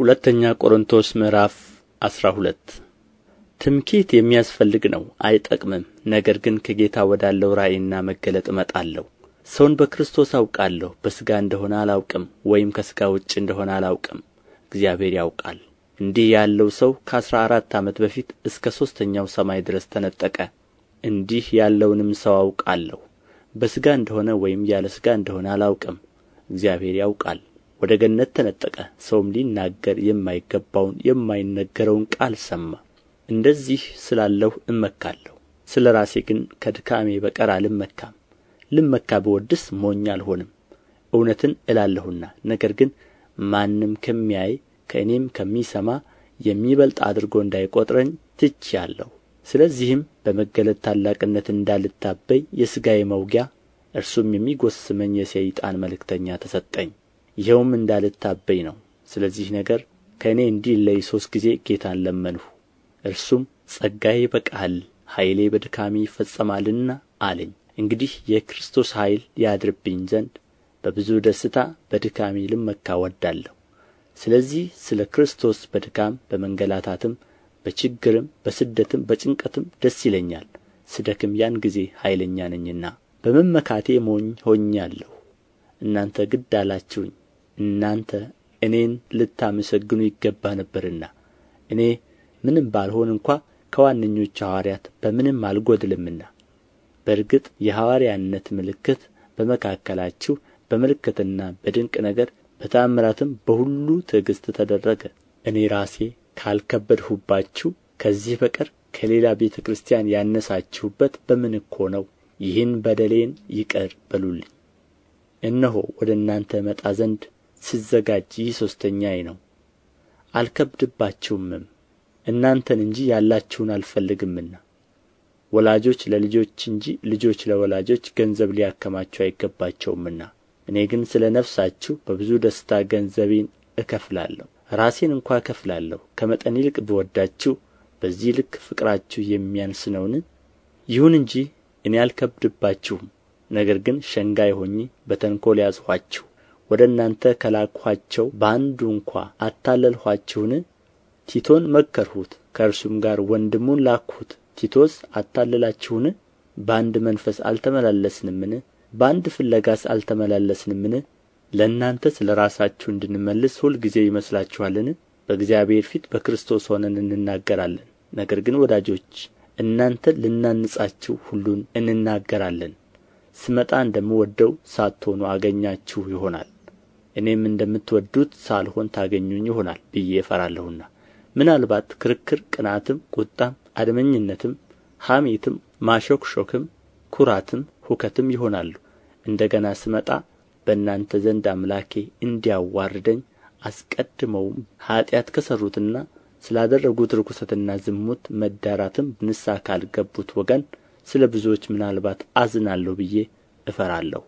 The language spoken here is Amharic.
ሁለተኛ ቆሮንቶስ ምዕራፍ አስራ ሁለት ትምኪት የሚያስፈልግ ነው፣ አይጠቅምም። ነገር ግን ከጌታ ወዳለው ራእይና መገለጥ እመጣለሁ። ሰውን በክርስቶስ አውቃለሁ። በሥጋ እንደሆነ አላውቅም፣ ወይም ከሥጋ ውጭ እንደሆነ አላውቅም፣ እግዚአብሔር ያውቃል። እንዲህ ያለው ሰው ከአሥራ አራት ዓመት በፊት እስከ ሦስተኛው ሰማይ ድረስ ተነጠቀ። እንዲህ ያለውንም ሰው አውቃለሁ። በሥጋ እንደሆነ ወይም ያለ ሥጋ እንደሆነ አላውቅም፣ እግዚአብሔር ያውቃል። ወደ ገነት ተነጠቀ ሰውም ሊናገር የማይገባውን የማይነገረውን ቃል ሰማ እንደዚህ ስላለሁ እመካለሁ ስለ ራሴ ግን ከድካሜ በቀር አልመካም ልመካ ብወድስ ሞኝ አልሆንም እውነትን እላለሁና ነገር ግን ማንም ከሚያይ ከእኔም ከሚሰማ የሚበልጥ አድርጎ እንዳይቆጥረኝ ትቼአለሁ ስለዚህም በመገለጥ ታላቅነት እንዳልታበይ የሥጋዬ መውጊያ እርሱም የሚጎስመኝ የሰይጣን መልእክተኛ ተሰጠኝ ይኸውም እንዳልታበይ ነው ስለዚህ ነገር ከእኔ እንዲለይ ሦስት ጊዜ ጌታን ለመንሁ እርሱም ጸጋዬ ይበቃሃል ኃይሌ በድካሚ ይፈጸማልና አለኝ እንግዲህ የክርስቶስ ኃይል ያድርብኝ ዘንድ በብዙ ደስታ በድካሜ ልመካ ወዳለሁ ስለዚህ ስለ ክርስቶስ በድካም በመንገላታትም በችግርም በስደትም በጭንቀትም ደስ ይለኛል ስደክም ያን ጊዜ ኃይለኛ ነኝና በመመካቴ ሞኝ ሆኛለሁ እናንተ ግድ አላችሁኝ እናንተ እኔን ልታመሰግኑ ይገባ ነበርና እኔ ምንም ባልሆን እንኳ ከዋነኞቹ ሐዋርያት በምንም አልጎድልምና በእርግጥ የሐዋርያነት ምልክት በመካከላችሁ በምልክትና በድንቅ ነገር በተአምራትም በሁሉ ትዕግሥት ተደረገ እኔ ራሴ ካልከበድሁባችሁ ከዚህ በቀር ከሌላ ቤተ ክርስቲያን ያነሳችሁበት በምን እኮ ነው? ይህን በደሌን ይቅር በሉልኝ። እነሆ ወደ እናንተ እመጣ ዘንድ ስዘጋጅ ይህ ሦስተኛዬ ነው አልከብድባችሁምም እናንተን እንጂ ያላችሁን አልፈልግምና ወላጆች ለልጆች እንጂ ልጆች ለወላጆች ገንዘብ ሊያከማቸው አይገባቸውምና እኔ ግን ስለ ነፍሳችሁ በብዙ ደስታ ገንዘቤን እከፍላለሁ ራሴን እንኳ እከፍላለሁ ከመጠን ይልቅ ብወዳችሁ በዚህ ልክ ፍቅራችሁ የሚያንስ ነውን ይሁን እንጂ እኔ አልከብድባችሁም ነገር ግን ሸንጋይ ሆኜ በተንኰል ያዝኋችሁ ወደ እናንተ ከላክኋቸው በአንዱ እንኳ አታለልኋችሁን ቲቶን መከርሁት ከእርሱም ጋር ወንድሙን ላክሁት ቲቶስ አታለላችሁን በአንድ መንፈስ አልተመላለስንምን በአንድ ፍለጋስ አልተመላለስንምን ለእናንተ ስለ ራሳችሁ እንድንመልስ ሁልጊዜ ይመስላችኋልን በእግዚአብሔር ፊት በክርስቶስ ሆነን እንናገራለን ነገር ግን ወዳጆች እናንተ ልናንጻችሁ ሁሉን እንናገራለን ስመጣ እንደምወደው ሳትሆኑ አገኛችሁ ይሆናል እኔም እንደምትወዱት ሳልሆን ታገኙኝ ይሆናል ብዬ እፈራለሁና ምናልባት ክርክር ቅናትም ቁጣም አድመኝነትም ሐሜትም ማሾክሾክም ኩራትም ሁከትም ይሆናሉ እንደ ገና ስመጣ በእናንተ ዘንድ አምላኬ እንዲያዋርደኝ አስቀድመውም ኀጢአት ከሠሩትና ስላደረጉት ርኵሰትና ዝሙት መዳራትም ንስሐ ካልገቡት ወገን ስለ ብዙዎች ምናልባት አዝናለሁ ብዬ እፈራለሁ